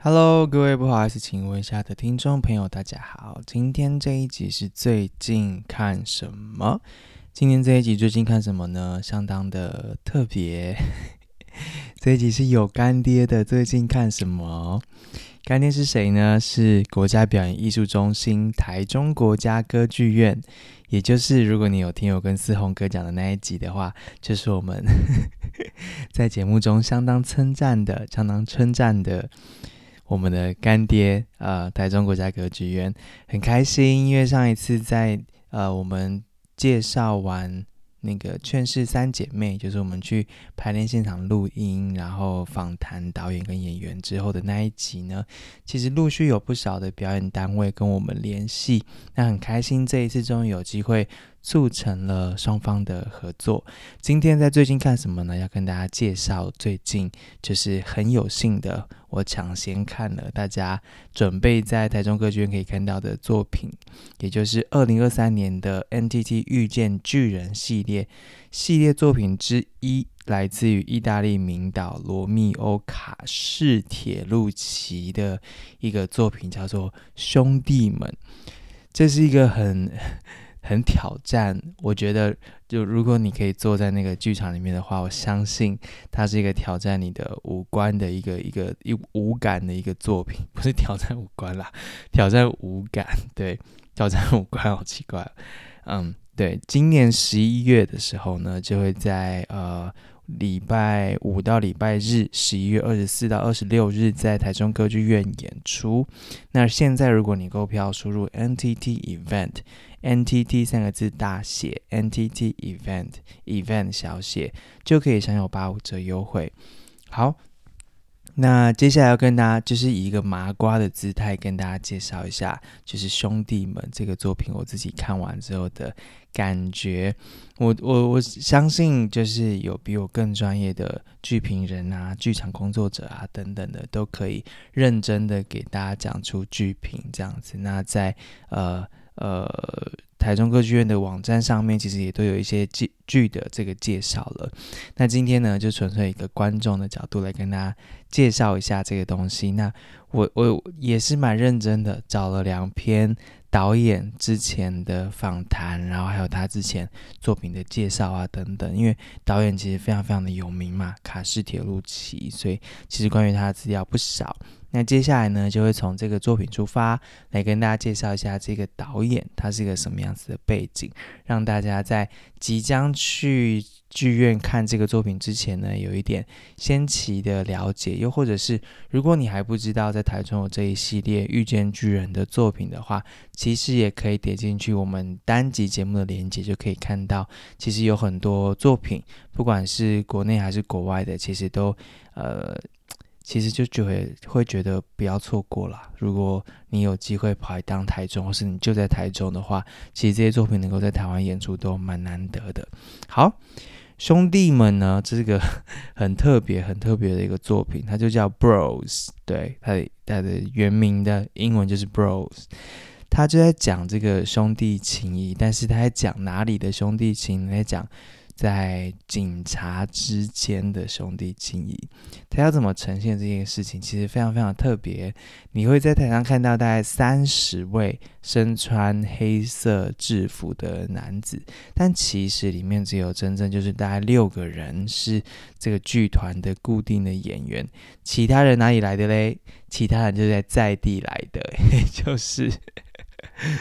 Hello，各位不好意思，請問一下的聽眾朋友，大家好。今天這一集是最近看什麼？今天這一集最近看什麼呢？相當的特別。 這一集是有乾爹的。最近看什麼？乾爹是誰呢？是國家表演藝術中心台中國家歌劇院，也就是如果你有聽我跟思宏哥講的那一集的話，就是我們 在節目中相當稱讚的，相當稱讚的。我們的乾爹，呃，台中國家歌劇院，很開心，因為上一次在呃，我們介紹完那個《勸世三姐妹》，就是我們去排練現場錄音，然後訪談導演跟演員之後的那一集呢，其實陸續有不少的表演單位跟我們聯繫，那很開心，這一次終於有機會。促成了雙方的合作。今天在最近看什麼呢，要跟大家介紹最近就是很有幸的，我搶先看了大家準備在台中歌劇院可以看到的作品，也就是二零二三年的 NTT 遇見巨人系列系列作品之一，來自於意大利名導羅密歐·卡士鐵路奇的一個作品，叫做《兄弟們》。這是一個很很挑戰，我覺得就如果你可以坐在那個劇場裡面的話，我相信它是一個挑戰你的五官的一個一個一五感的一個作品，不是挑戰五官啦，挑戰五感，對，挑戰五官，好奇怪，嗯，對，今年十一月的時候呢，就會在呃禮拜五到禮拜日，十一月二十四到二十六日，在台中歌劇院演出。那現在如果你購票，輸入 NTT Event。NTT 三個字大寫，NTT event event 小寫就可以享有八五折優惠。好，那接下來要跟大家就是以一個麻瓜的姿態跟大家介紹一下，就是兄弟們這個作品我自己看完之後的感覺。我我我相信就是有比我更專業的劇評人啊、劇場工作者啊等等的都可以認真的給大家講出劇評這樣子。那在呃。呃，台中歌劇院的網站上面其實也都有一些劇劇的這個介紹了。那今天呢，就純粹一個觀眾的角度來跟大家介紹一下這個東西。那我我，我也是蠻認真的找了兩篇導演之前的訪談，然後還有他之前作品的介紹啊等等。因為導演其實非常非常的有名嘛，卡士鐵路奇，所以其實關於他的資料不少。那接下來呢，就會從這個作品出發，來跟大家介紹一下這個導演他是一個什麼樣子的背景，讓大家在即將去劇院看這個作品之前呢，有一點先期的了解。又或者是如果你還不知道在台中有這一系列《遇見巨人》的作品的話，其實也可以點進去我們單集節目的連接，就可以看到，其實有很多作品，不管是國內還是國外的，其實都呃。其實就覺得會覺得不要錯過啦。如果你有機會跑來當台中，或是你就在台中的話，其實這些作品能夠在台灣演出都蠻難得的。好，兄弟們呢，這是個很特別、很特別的一個作品，它就叫 Bros，對，它它的原名的英文就是 Bros，它就在講這個兄弟情誼，但是它在講哪裡的兄弟情誼，在講。在警察之間的兄弟情誼，他要怎麼呈現這件事情？其實非常非常特別。你會在台上看到大概三十位身穿黑色制服的男子，但其實裡面只有真正就是大概六個人是這個劇團的固定的演員，其他人哪裡來的嘞？其他人就在在地來的，也就是，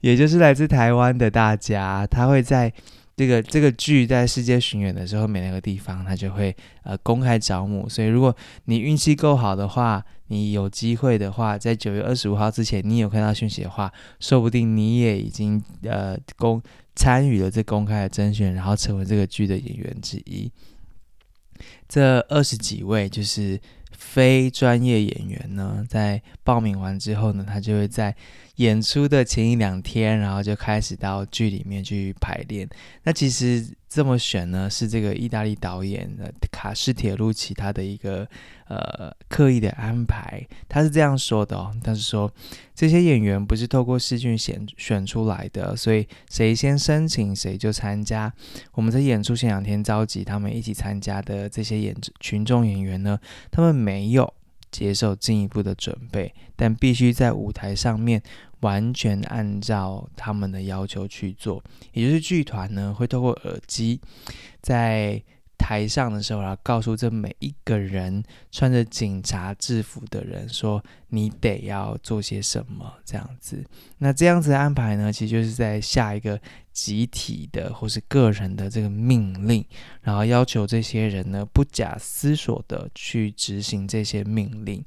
也就是來自台灣的大家，他會在。這個這個劇在世界巡演的時候，每那個地方他就會呃公開招募，所以如果你運氣夠好的話，你有機會的話，在九月二十五號之前，你有看到訊息的話，說不定你也已經呃公參與了這公開的甄選，然後成為這個劇的演員之一。這二十幾位就是。非專業演員呢，在報名完之後呢，他就會在演出的前一兩天，然後就開始到劇裡面去排練。那其實。這麼選呢，是這個意大利導演卡士鐵路奇他的一個呃刻意的安排。他是這樣說的哦，他是說這些演員不是透過試鏡選選出來的，所以誰先申請誰就參加。我們在演出前兩天召集他們一起參加的這些演群眾演員呢，他們沒有接受進一步的準備，但必須在舞台上面。完全按照他們的要求去做，也就是劇團呢會透過耳機，在台上的時候，然後告訴這每一個人穿着警察制服的人說：“你得要做些什麼。”這樣子，那這樣子的安排呢，其實就是在下一個集體的或是個人的這個命令，然後要求這些人呢不假思索的去執行這些命令。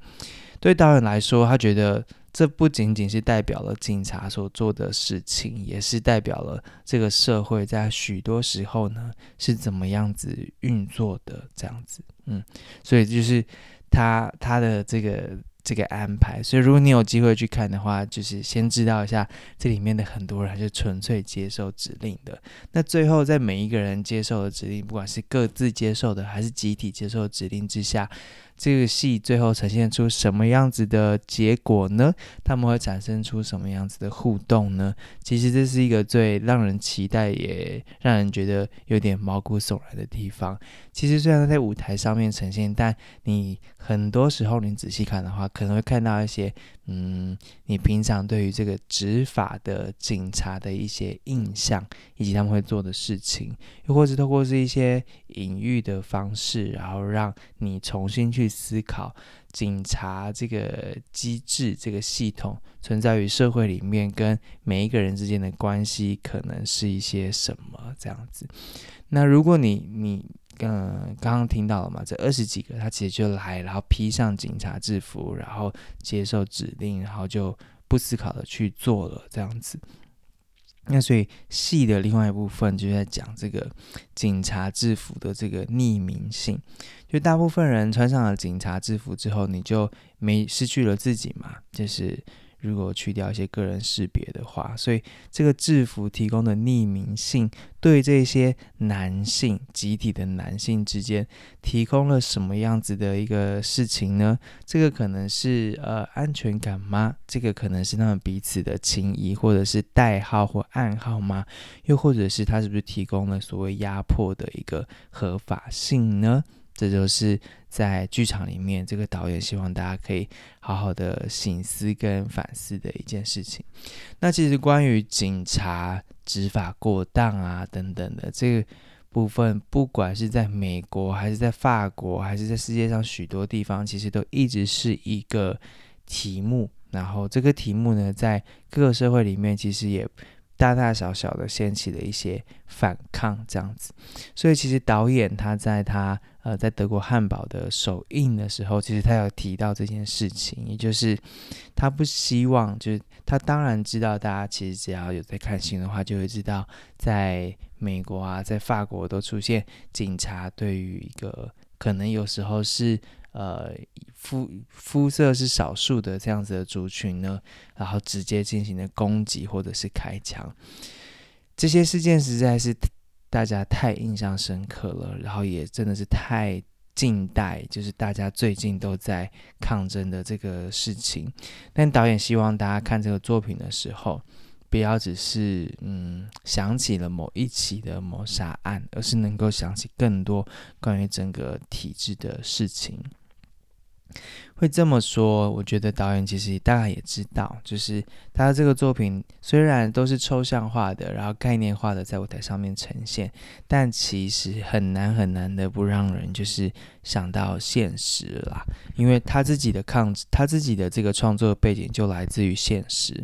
對導演來說，他覺得。這不僅僅是代表了警察所做的事情，也是代表了這個社會在許多時候呢是怎麼樣子運作的這樣子。嗯，所以就是他他的這個這個安排。所以如果你有機會去看的話，就是先知道一下這裡面的很多人還是純粹接受指令的。那最後，在每一個人接受的指令，不管是各自接受的還是集體接受指令之下。這個戲最後呈現出什麼樣子的結果呢？他們會產生出什麼樣子的互動呢？其實這是一個最讓人期待，也讓人覺得有點毛骨悚然的地方。其實雖然在舞台上面呈現，但你很多時候你仔細看的話，可能會看到一些。嗯，你平常對於這個執法的警察的一些印象，以及他們會做的事情，又或者透過這一些隱喻的方式，然後讓你重新去思考警察這個機制、這個系統存在於社會裡面跟每一個人之間的關係，可能是一些什麼這樣子。那如果你你。嗯，剛剛聽到了嘛？這二十幾個，他其實就來，然後披上警察制服，然後接受指令，然後就不思考的去做了這樣子。那所以，戲的另外一部分就是在講這個警察制服的這個匿名性，就大部分人穿上了警察制服之後，你就沒失去了自己嘛，就是。如果去掉一些個人識別的話，所以這個制服提供的匿名性，對這些男性集體的男性之間提供了什麼樣子的一個事情呢？這個可能是呃，安全感嗎？這個可能是他們彼此的情誼，或者是代號或暗號嗎？又或者是他是不是提供了所謂壓迫的一個合法性呢？這就是在劇場裡面，這個導演希望大家可以好好的省思跟反思的一件事情。那其實關於警察執法過當啊等等的這個部分，不管是在美國還是在法國，還是在世界上許多地方，其實都一直是一個題目。然後這個題目呢，在各個社會裡面，其實也大大小小的掀起了一些反抗這樣子。所以其實導演他在他。呃，在德國漢堡的首映的時候，其實他有提到這件事情，也就是他不希望，就是他當然知道，大家其實只要有在看新聞的話，就會知道，在美國啊，在法國都出現警察對於一個可能有時候是呃膚膚色是少數的這樣子的族群呢，然後直接進行了攻擊或者是開槍，這些事件實在是。大家太印象深刻了，然後也真的是太近代，就是大家最近都在抗爭的這個事情。但導演希望大家看這個作品的時候，不要只是嗯想起了某一起的謀殺案，而是能夠想起更多關於整個體制的事情。會這麼說，我覺得導演其實大家也知道，就是他這個作品雖然都是抽象化的，然後概念化的在舞台上面呈現，但其實很難很難的不讓人就是想到現實了啦，因為他自己的抗，他自己的這個創作背景就來自於現實，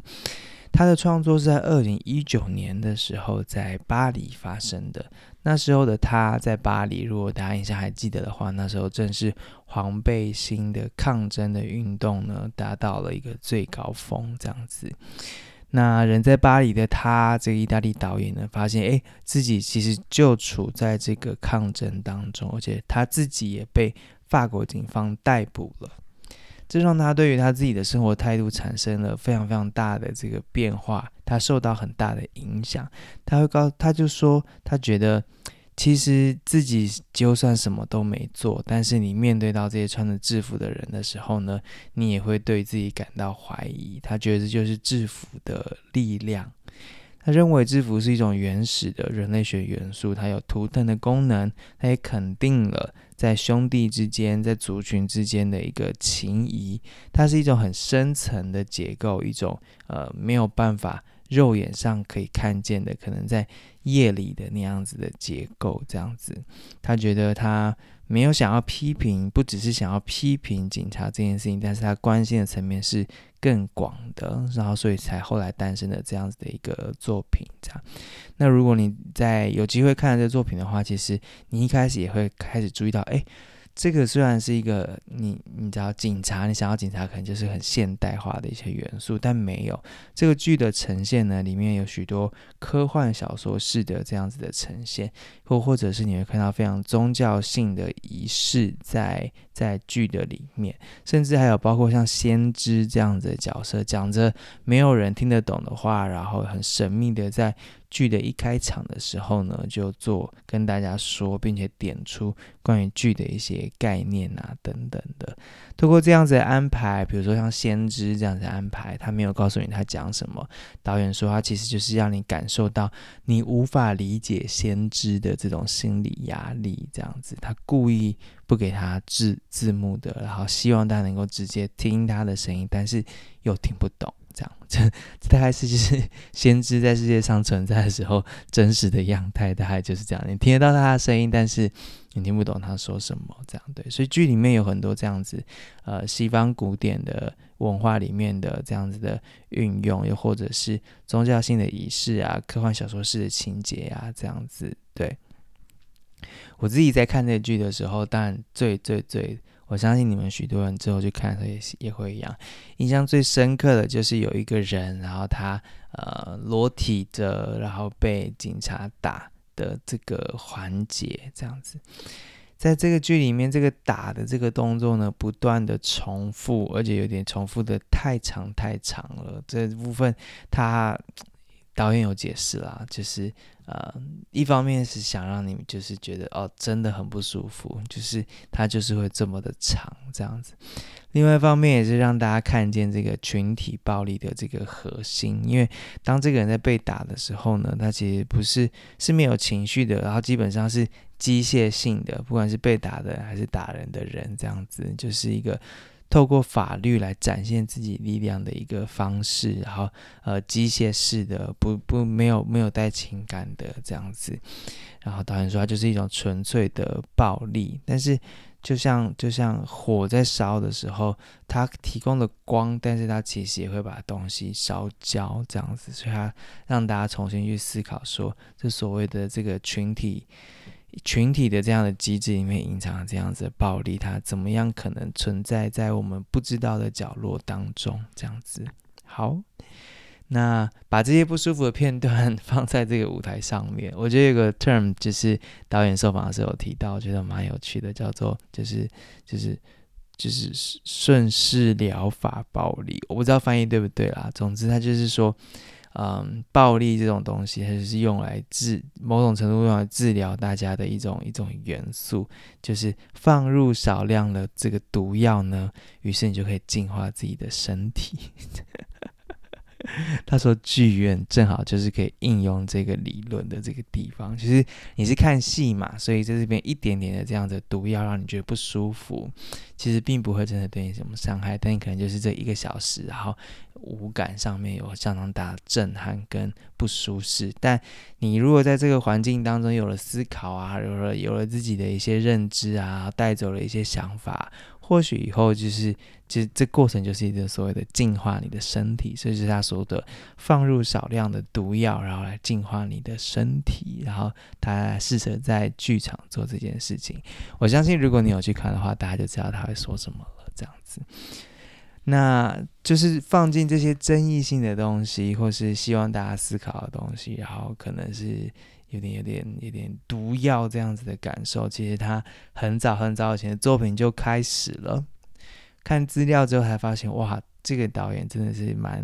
他的創作是在二零一九年的時候在巴黎發生的。那時候的他在巴黎，如果大家印象還記得的話，那時候正是黃背心的抗爭的運動呢達到了一個最高峰。這樣子，那人在巴黎的他，這個意大利導演呢，發現誒自己其實就處在這個抗爭當中，而且他自己也被法國警方逮捕了，這讓他對於他自己的生活態度產生了非常非常大的這個變化。他受到很大的影響，他會告，他就說，他覺得，其實自己就算什麼都沒做，但是你面對到這些穿着制服的人的時候呢，你也會對自己感到懷疑。他覺得這就是制服的力量，他認為制服是一種原始的人類學元素，它有圖騰的功能，它也肯定了在兄弟之間、在族群之間的一個情誼，它是一種很深層的結構，一種呃沒有辦法。肉眼上可以看見的，可能在夜裡的那樣子的結構，這樣子，他覺得他沒有想要批評，不只是想要批評警察這件事情，但是他關心的層面是更廣的，然後所以才後來誕生的這樣子的一個作品，這樣。那如果你在有機會看這作品的話，其實你一開始也會開始注意到，誒。這個雖然是一個你你知道警察，你想要警察可能就是很現代化的一些元素，但沒有。這個劇的呈現呢，裡面有許多科幻小說式的這樣子的呈現，或或者是你會看到非常宗教性的儀式在在劇的裡面，甚至還有包括像先知這樣子的角色，講着沒有人聽得懂的話，然後很神秘的在。劇的一開場的時候呢，就做跟大家說，並且點出關於劇的一些概念啊等等的。透過這樣子的安排，比如說像《先知》這樣子的安排，他沒有告訴你他講什麼。導演說他其實就是讓你感受到你無法理解先知的這種心理壓力，這樣子。他故意不給他字字幕的，然後希望大家能夠直接聽他的聲音，但是又聽不懂。這樣，這這大概是就是先知在世界上存在的時候真實的樣態，大概就是這樣。你聽得到他的聲音，但是你聽不懂他說什麼。這樣對，所以劇裡面有很多這樣子，呃，西方古典的文化裡面的這樣子的運用，又或者是宗教性的儀式啊，科幻小說式的情節啊，這樣子。對，我自己在看這劇的時候，當然最最最。我相信你們許多人之後去看也、也也會一樣。印象最深刻的就是有一個人，然後他呃裸體的，然後被警察打的這個環節，這樣子。在這個劇裡面，這個打的這個動作呢，不斷的重複，而且有點重複的太長太長了。這部分他導演有解釋啦，就是。呃，一方面是想讓你們就是覺得哦，真的很不舒服，就是他就是會這麼的長這樣子。另外一方面也是讓大家看見這個群體暴力的這個核心，因為當這個人在被打的時候呢，他其實不是是沒有情緒的，然後基本上是機械性的，不管是被打的還是打人的人這樣子，就是一個。透過法律來展現自己力量的一個方式，然後呃機械式的不不沒有沒有帶情感的這樣子，然後導演說他就是一種純粹的暴力，但是就像就像火在燒的時候，它提供了光，但是它其實也會把東西燒焦這樣子，所以它讓大家重新去思考說這所謂的這個群體。群體的這樣的機制裡面隱藏這樣子的暴力，它怎麼樣可能存在在我們不知道的角落當中？這樣子，好，那把這些不舒服的片段放在這個舞台上面，我覺得有個 term 就是導演受訪的時候有提到，我覺得蠻有趣的，叫做就是就是就是順勢療法暴力，我不知道翻譯對不對啦，總之他就是說。嗯，暴力這種東西，它就是用來治，某種程度用來治療大家的一種一種元素，就是放入少量的這個毒藥呢，於是你就可以淨化自己的身體。 他說：“劇院正好就是可以應用這個理論的這個地方。其實你是看戲嘛，所以在這邊一點點的這樣的毒藥讓你覺得不舒服，其實並不會真的對你什麼傷害。但你可能就是這一個小時，然後五感上面有相當大的震撼跟不舒適。但你如果在這個環境當中有了思考啊，有了有了自己的一些認知啊，帶走了一些想法。”或許以後就是，其實這過程就是一個所謂的淨化你的身體，所以是他說的放入少量的毒藥，然後來淨化你的身體，然後他試着在劇場做這件事情。我相信如果你有去看的話，大家就知道他會說什麼了。這樣子，那就是放進這些爭議性的東西，或是希望大家思考的東西，然後可能是。有點、有點、有點毒藥這樣子的感受，其實他很早很早以前的作品就開始了。看資料之後才發現，哇，這個導演真的是蠻。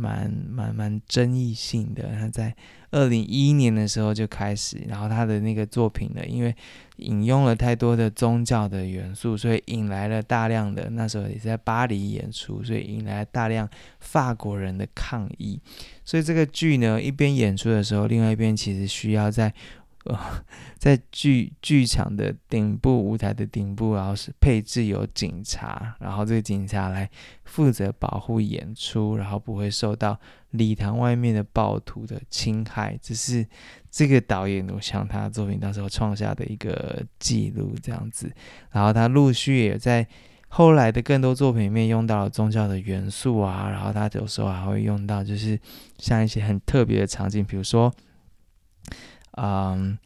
蠻蠻蠻爭議性的，他在二零一一年的時候就開始，然後他的那個作品呢，因為引用了太多的宗教的元素，所以引來了大量的，那時候也是在巴黎演出，所以引來大量法國人的抗議。所以這個劇呢，一邊演出的時候，另外一邊其實需要在。哦，在劇劇場的頂部，舞台的頂部，然後是配置有警察，然後這個警察來負責保護演出，然後不會受到禮堂外面的暴徒的侵害。這是這個導演，我想他的作品當時候創下的一個記錄，這樣子。然後他陸續也在後來的更多作品裡面用到了宗教的元素啊，然後他有時候還會用到，就是像一些很特別的場景，比如說。嗯，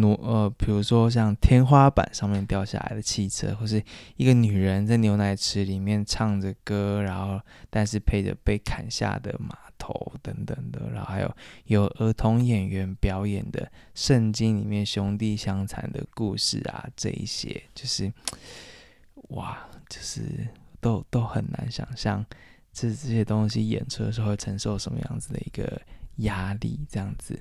呃，比如說像天花板上面掉下來的汽車，或是一個女人在牛奶池裡面唱着歌，然後但是配着被砍下的馬頭等等的。然後還有有兒童演員表演的聖經裡面兄弟相殘的故事啊，這一些就是哇，就是都都很難想象這這些東西演出的時候會承受什麼樣子的一個壓力，這樣子。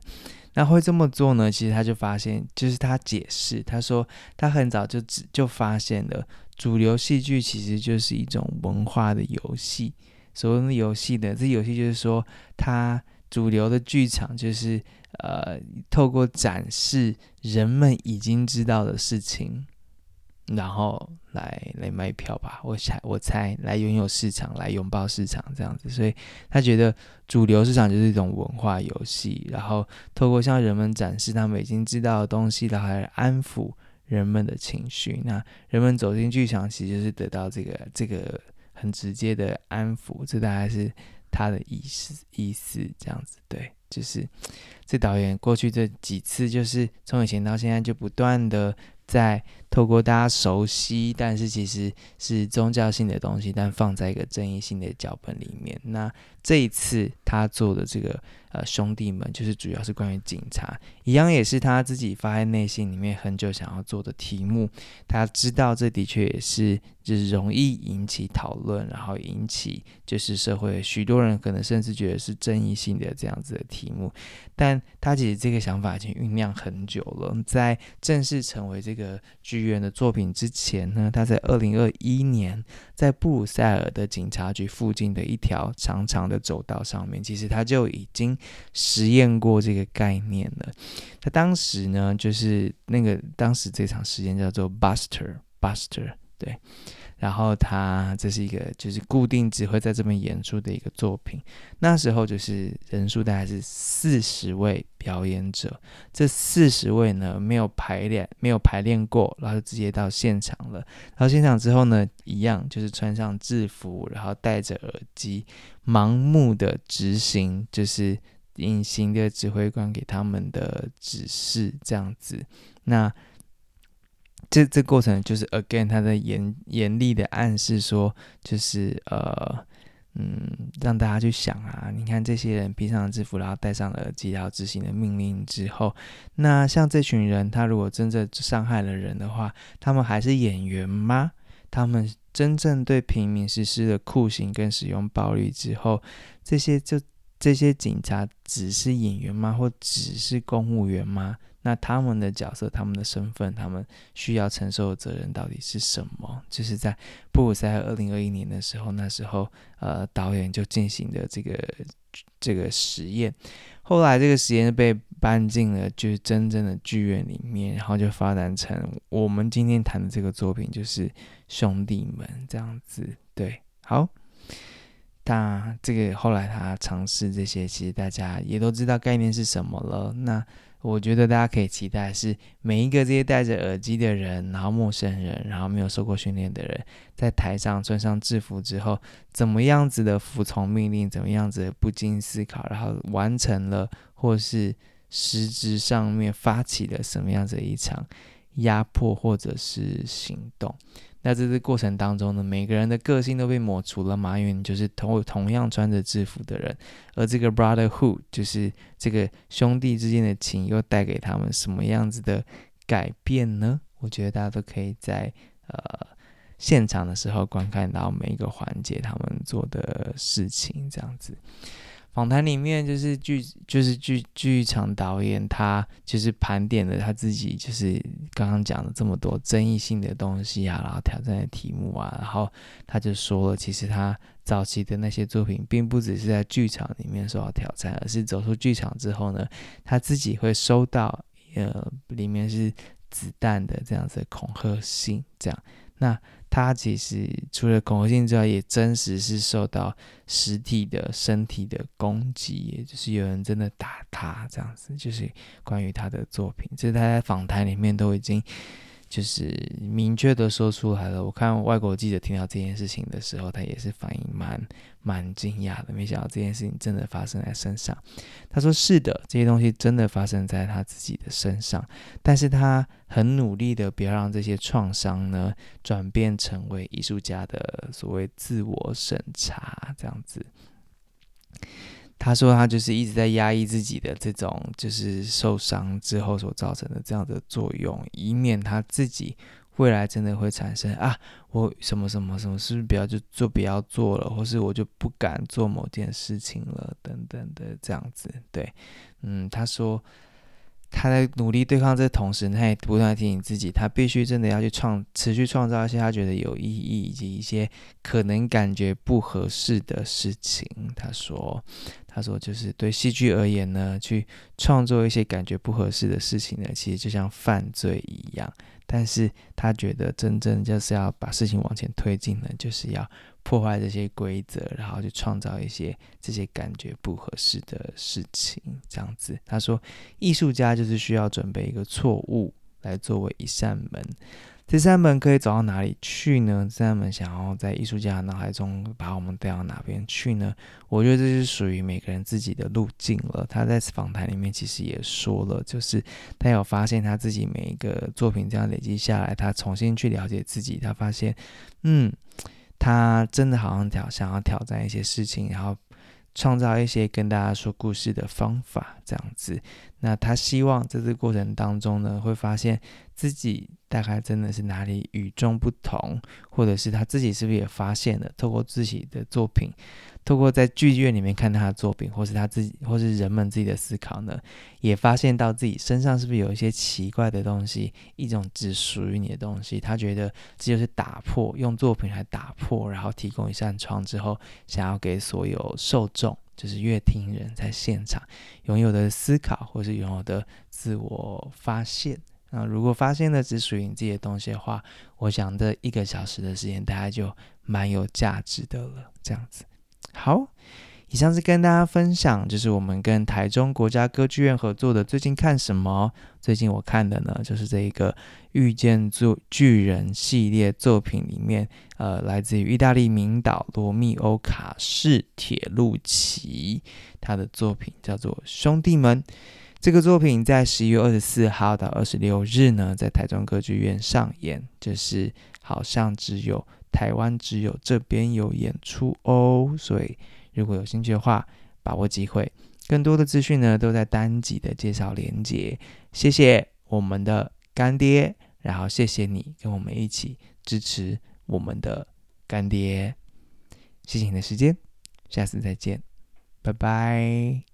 那會這麼做呢？其實他就發現，就是他解釋，他說他很早就只就發現了，主流戲劇其實就是一種文化的遊戲。所謂的遊戲呢，這遊戲就是說，他主流的劇場就是呃，透過展示人們已經知道的事情。然後來來賣票吧，我猜我猜來擁有市場，來擁抱市場這樣子，所以他覺得主流市場就是一種文化遊戲，然後透過向人們展示他們已經知道的東西，然後來安撫人們的情緒。那人們走進劇場，其實就是得到這個這個很直接的安撫，這大概是他的意思意思這樣子。對，就是這導演過去這幾次，就是從以前到現在就不斷的。在透過大家熟悉，但是其實是宗教性的東西，但放在一個爭議性的腳本裡面。那這一次他做的這個呃兄弟們，就是主要是關於警察，一樣也是他自己發在內心裡面很久想要做的題目。他知道這的確也是。就是容易引起討論，然後引起就是社會許多人可能甚至覺得是爭議性的這樣子的題目。但他其實這個想法已經醞釀很久了，在正式成為這個劇院的作品之前呢，他在二零二一年在布魯塞爾的警察局附近的一條長長的走道上面，其實他就已經實驗過這個概念了。他當時呢，就是那個當時這場實驗叫做 Buster Buster。對，然後他這是一個就是固定只會在這邊演出的一個作品。那時候就是人數大概是四十位表演者，這四十位呢沒有排練，沒有排練過，然後就直接到現場了。到現場之後呢，一樣就是穿上制服，然後戴着耳機，盲目的執行就是隱形的指揮官給他們的指示，這樣子。那這這過程就是 again，他在嚴嚴厲的暗示說，就是呃，嗯，讓大家去想啊，你看這些人披上了制服，然後戴上了耳機，然後執行了命令之後，那像這群人，他如果真正傷害了人的話，他們還是演員嗎？他們真正對平民實施了酷刑跟使用暴力之後，這些就這些警察只是演員嗎？或只是公務員嗎？那他們的角色、他們的身份、他們需要承受的責任到底是什麼？就是在布魯塞爾二零二一年的時候，那時候呃導演就進行的這個這個實驗。後來這個實驗被搬進了就是真正的劇院裡面，然後就發展成我們今天談的這個作品，就是《兄弟們》這樣子。對，好，那這個後來他嘗試這些，其實大家也都知道概念是什麼了。那。我覺得大家可以期待是每一個這些戴着耳機的人，然後陌生人，然後沒有受過訓練的人，在台上穿上制服之後，怎麼樣子的服從命令，怎麼樣子的不經思考，然後完成了，或是實質上面發起了什麼樣子的一場壓迫或者是行動。那在這個過程當中呢，每個人的個性都被抹除了。馬雲就是同同樣穿着制服的人，而這個 brotherhood 就是這個兄弟之間的情，又帶給他們什麼樣子的改變呢？我覺得大家都可以在呃現場的時候觀看到每一個環節他們做的事情，這樣子。訪談裡面就是劇就是劇劇場導演，他就是盤點了他自己，就是剛剛講的這麼多爭議性的東西啊，然後挑戰的題目啊，然後他就說了，其實他早期的那些作品，並不只是在劇場裡面受到挑戰，而是走出劇場之後呢，他自己會收到呃裡面是子彈的這樣子的恐嚇信，這樣那。他其實除了恐嚇性之外，也真實是受到實體的身體的攻擊，就是有人真的打他這樣子。就是關於他的作品，這是他在訪談裡面都已經就是明確的說出來了。我看外國記者聽到這件事情的時候，他也是反應蠻。蠻驚訝的，沒想到這件事情真的發生在身上。他說：“是的，這些東西真的發生在他自己的身上，但是他很努力的不要讓這些創傷呢轉變成為藝術家的所謂自我審查這樣子。”他說：“他就是一直在壓抑自己的這種，就是受傷之後所造成的這樣的作用，以免他自己。”未來真的會產生啊，我什麼什麼什麼，是不是不要就就不要做了，或是我就不敢做某件事情了，等等的這樣子。對，嗯，他說他在努力對抗這同時，他也不斷提醒自己，他必須真的要去創，持續創造一些他覺得有意義以及一些可能感覺不合適的事情。他說。他說：“就是對戲劇而言呢，去創作一些感覺不合適的事情呢，其實就像犯罪一樣。但是他覺得真正就是要把事情往前推進呢，就是要破壞這些規則，然後去創造一些這些感覺不合適的事情。這樣子，他說，藝術家就是需要準備一個錯誤來作為一扇門。”第三門可以走到哪裡去呢？第三門想要在藝術家腦海中把我們帶到哪邊去呢？我覺得這是屬於每個人自己的路徑了。他在訪談裡面其實也說了，就是他有發現他自己每一個作品這樣累積下來，他重新去了解自己，他發現，嗯，他真的好像挑想要挑戰一些事情，然後。創造一些跟大家說故事的方法，這樣子。那他希望在這個過程當中呢，會發現自己大概真的是哪裡與眾不同，或者是他自己是不是也發現了，透過自己的作品。透過在劇院裡面看到他的作品，或是他自己，或是人們自己的思考呢，也發現到自己身上是不是有一些奇怪的東西，一種只屬於你的東西。他覺得這就是打破，用作品來打破，然後提供一扇窗之後，想要給所有受眾，就是閱聽人在現場擁有的思考，或是擁有的自我發現。那如果發現的只屬於你自己的東西的話，我想這一個小時的時間，大概就蠻有價值的了，這樣子。好，以上是跟大家分享，就是我們跟台中國家歌劇院合作的最近看什麼。最近我看的呢，就是這一個《遇見巨巨人》系列作品裡面，呃，來自於意大利名導羅密歐·卡士鐵路奇，他的作品叫做《兄弟們》。這個作品在十一月二十四號到二十六日呢，在台中歌劇院上演，就是好像只有。台灣只有這邊有演出哦，所以如果有興趣的話，把握機會。更多的資訊呢，都在單集的介紹連接。謝謝我們的乾爹，然後謝謝你跟我們一起支持我們的乾爹。謝謝你的時間，下次再見，拜拜。